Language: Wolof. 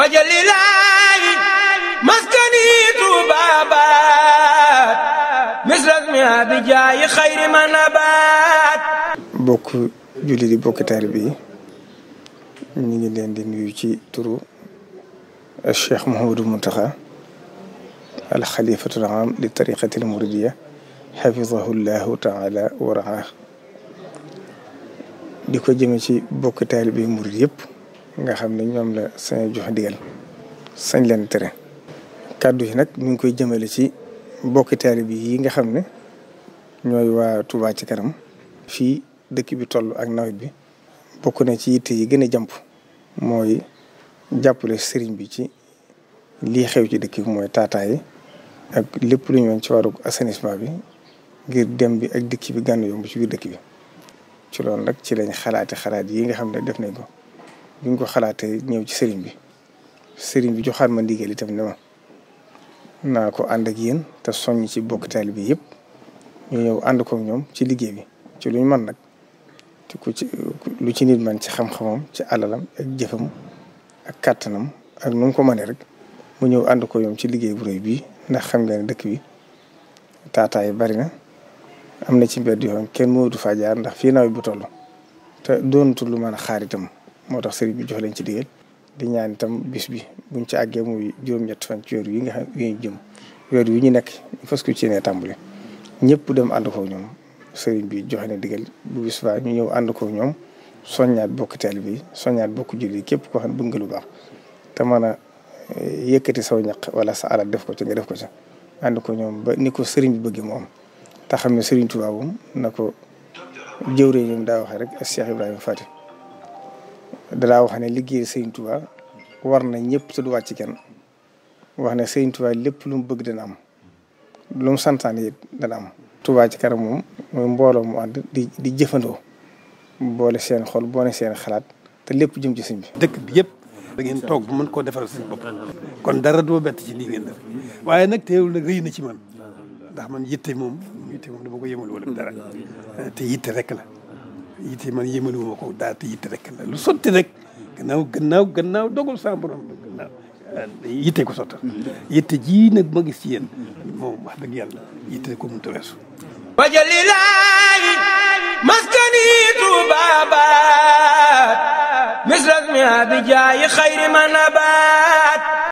wajalilaayi maskani tuubaabaat misras mi abijaayi xayri ma nabaat bokk julli di bokki taalibe yi ñu ngi leen di nuyu ci turu Cheikh Mouhamadou Mountakha alxalifatul aam li tariqatil muridiya taala wa di ko jëme ci bokki taalibe yi murid yëpp nga xam ne ñoom la sañ jox digal sañ leen tere kàddu yi nag mu ngi koy jëmale ci bokki taalib yi nga xam ne ñooy waa Touba ci kanam fii dëkk bi toll ak nawet bi bokk na ci yitte yi gën a jàmp mooy jàppale sëriñ bi ci lii xew ci dëkk bi mooy taataay ak lépp lu ñu mën ci wàllu assainissement bi ngir dem bi ak dëkk bi gànn yomb ci biir dëkk bi ci loolu nag ci lañ xalaati xalaat yi nga xam ne def nañ ko bi ñu ko xalaatee ñëw ci sëriñ bi sëriñ bi joxaat ma ndigal itam ne ma naa ko ànd ak yéen te soññ ci bokk bi yëpp ñu ñëw ànd ko ñoom ci liggéey bi ci lu ñu mën nag ci ci lu ci nit man ci xam-xamam ci alalam ak jëfam ak kàttanam ak nu mu ko mënee rek mu ñëw ànd ko ñoom ci liggéey bu rëy bii ndax xam nga ne dëkk bi taataay bari na am na ci mbedd yoon kenn moo du fa ndax fii na bu toll te doonatul lu ma a xaaritam moo tax sëriñ bi jox leen ci digal di ñaan itam bis bi buñ ci àggee muy juróom-ñett fan ci weer yi nga xam yi ñu jëm weer yu ñu nekk fas ko ci ne tàmbali ñëpp dem ànd ko ñoom sëriñ bi joxe ne digal bu bis baa ñu ñëw ànd ko ñoom soññaat bokk teel bi soññaat bokk julli képp koo xam ne bëgg nga baax te mën a eh, yëkkati saw ñaq wala sa alal def ko ci nga def ko ci ànd ko ñoom ba ni ko sëriñ bi bëgg moom te xam ne sëriñ tu moom na ko jëwree ñoom daa waxee rek Cheikh Ibrahima Fati dalaa wax ne liggéey sëñ Tuubaa war na ñëpp te du wàcc kenn wax ne sëñ Tuubaa lépp lu mu bëgg dana am lu mu santaane it dana am. Tuubaa ci kanam moom mooy mbooloo mu ànd di di jëfandoo boole seen xol boole seen xalaat te lépp jëm ci sëñ bi. dëkk bi yëpp. da ngeen toog ba mën koo defal seen bopp. kon dara doo bett ci lii ngeen def waaye nag teewul nag na ci man ndax man yitte moom yitte moom dama ko yemul wala dara te yitte rek la. yitte man yéemaluwuma ko daa yitte rek la lu sotti rek gannaaw gannaaw gannaaw dogul sa borom yitte ko sottal yitte ji nag ma gis moom wax dëgg yàlla yitte ko mënut a weesu wajalilaayi maskani tubabat misras mi abijaayi xayri ma nabaat